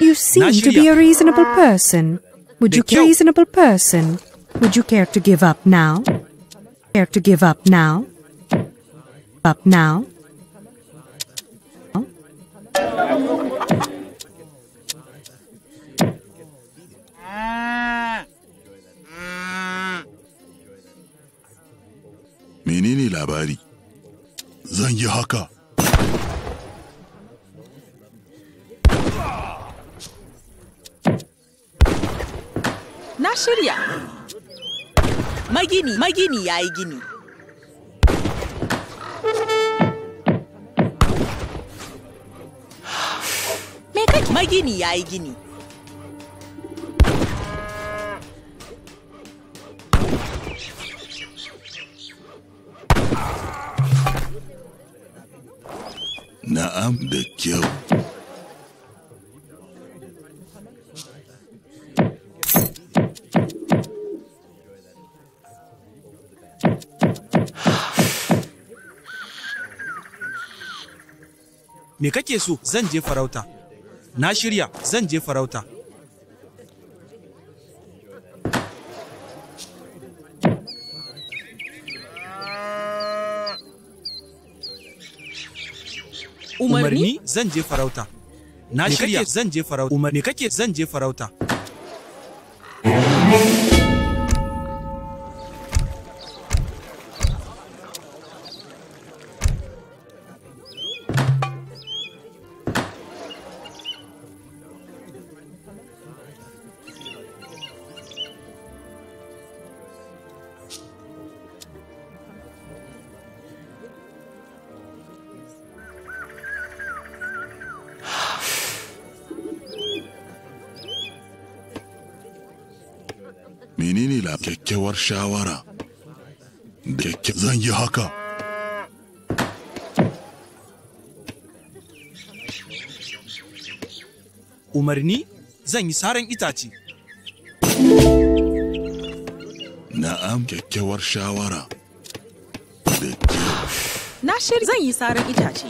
You seem to be a reasonable person. Would you reasonable person? Would you care to give up now? Care to give up now? Up now? Menene labari? Zan yi haka. shirya. Magini, magini ya yi gini. Me kake? Magini ya yi gini. Na'am da kyau. me kake so zan je farauta na shirya zan je farauta umarni zan je farauta na shirya zan je farauta umarni kake zan je farauta menene la kyakkyawar shawara da zan yi haka umarni zan yi saran itace na'am kyakkyawar shawara na shirya zan yi saran itace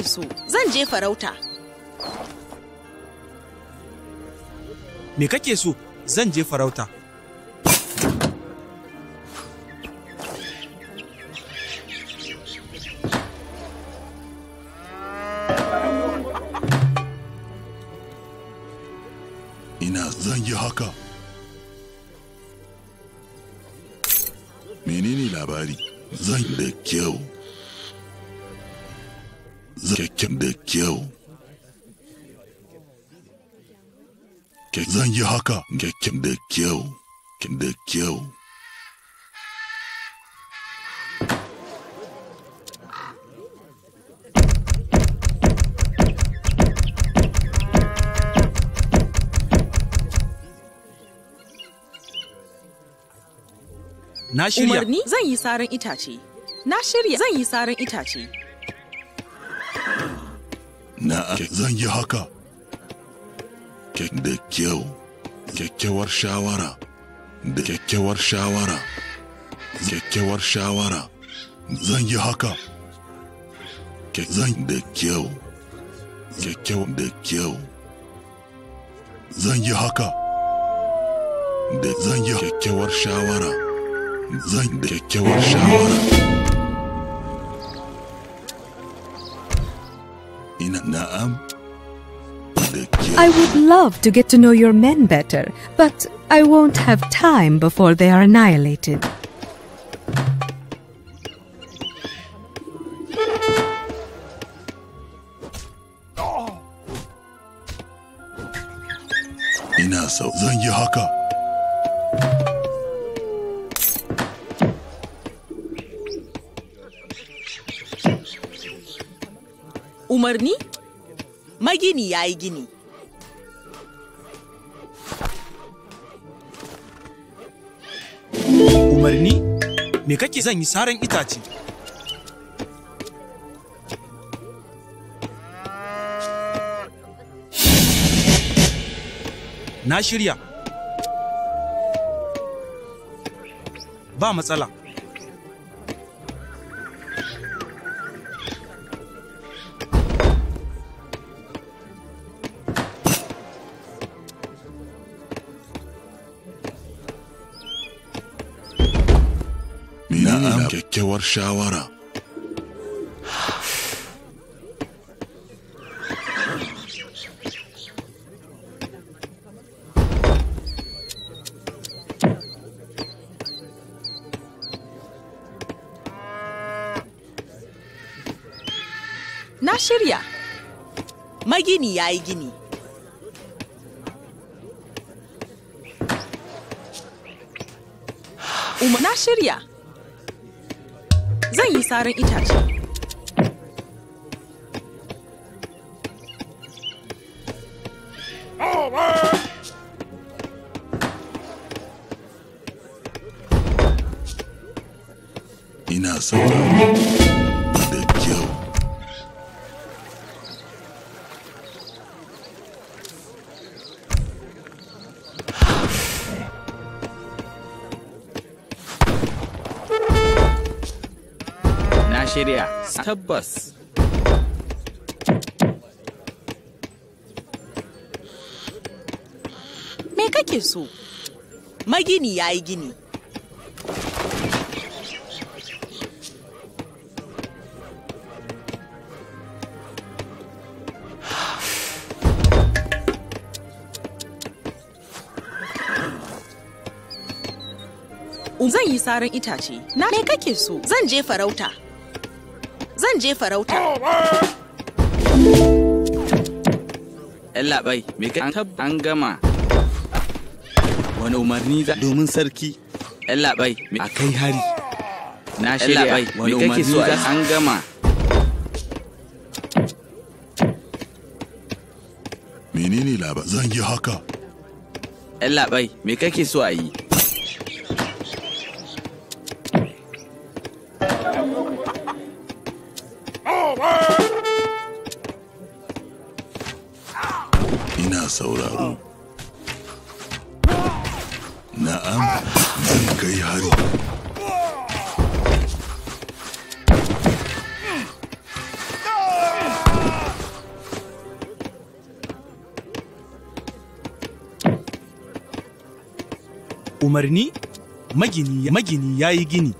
nake so zan je farauta me kake so zan je farauta ina zan yi haka menene labari zan da kyau kyakkyan da kyau zan yi haka kyakkyan da kyau kyakkyan da kyau Na shirya. Umarni zan yi saran itace. Na shirya zan yi saran itace. na zan yi haka da kyau kyakkyawar shawara da kyakkyawar shawara kyakkyawar shawara zan yi haka zan da kyau kyakkyau da kyau zan yi haka da zan yi kyakkyawar shawara zan da kyakkyawar shawara I would love to get to know your men better, but I won't have time before they are annihilated. Inasa, Zanyahaka. umarni? Magini ya yi gini. Umarni? Me kake zan yi saran itace? Na shirya. Ba matsala. kyakkyawar shawara na shirya magini ya yi gini na shirya zan yi saran itace. Ina shirya tabbas me kake so magini ya yi gini zan yi saran itace na me kake so zan je farauta zan je farauta. labai me ka an gama wani umarni za domin sarki labai me a kai hari na shirya wani umarni za an gama menene labar zan yi haka labai me kake so a yi sauraro na'am zan hari. Umar umarni magini ya yi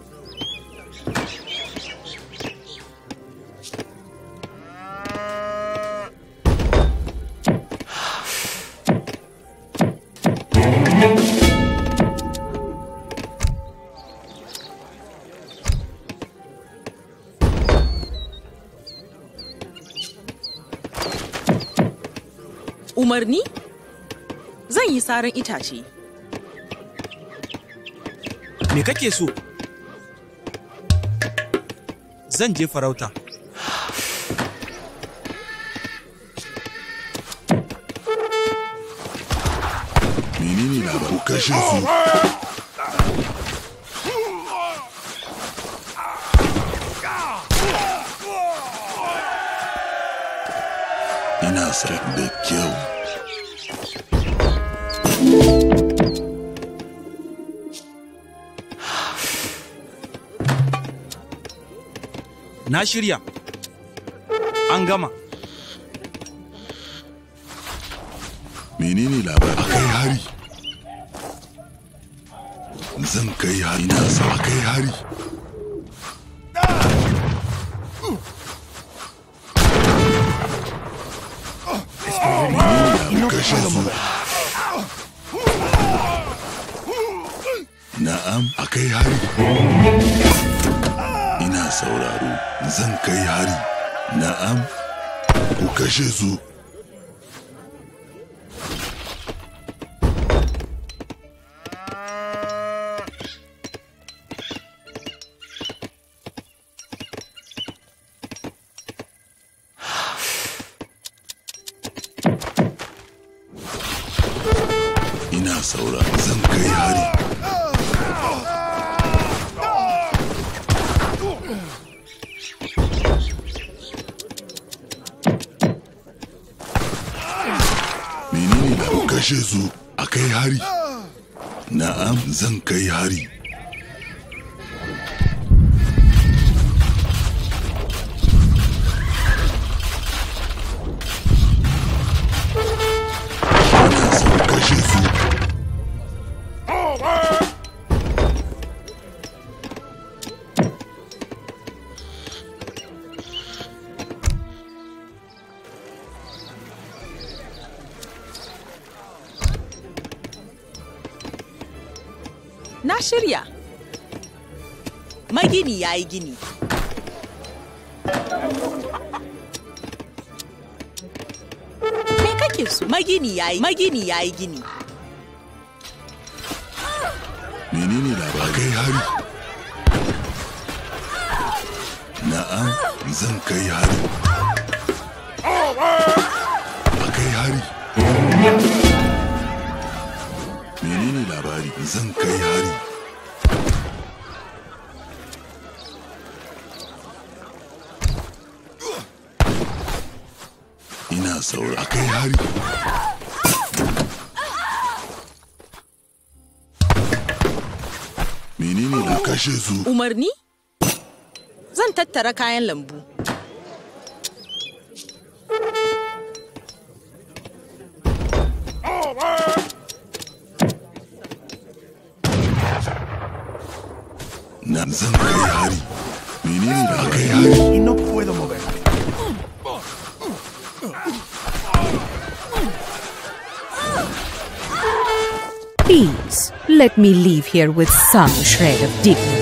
umarni zan yi saran itace me kake so zan je farauta menene na ku kashe su ina da kyau Na shirya, an gama. Menene labari? akai hari. Zan kai hari na sa akai hari. Menene labari? Kashe su. Na'am, akai kai hari. Ina sauraro, zan kai hari. Na'am, ku kashe su. kashe su a kai hari na'am zan kai hari shirya magini ya yi gini me kake su? magini ya yi magini ya yi gini menene labari kai hari na'am zan kai hari a kai hari menene labari zan kai hari ina saura kai hari menene da kashe su umarni zan tattara kayan lambu nan zan kai hari menene da kai hari let me leave here with some shred of dignity.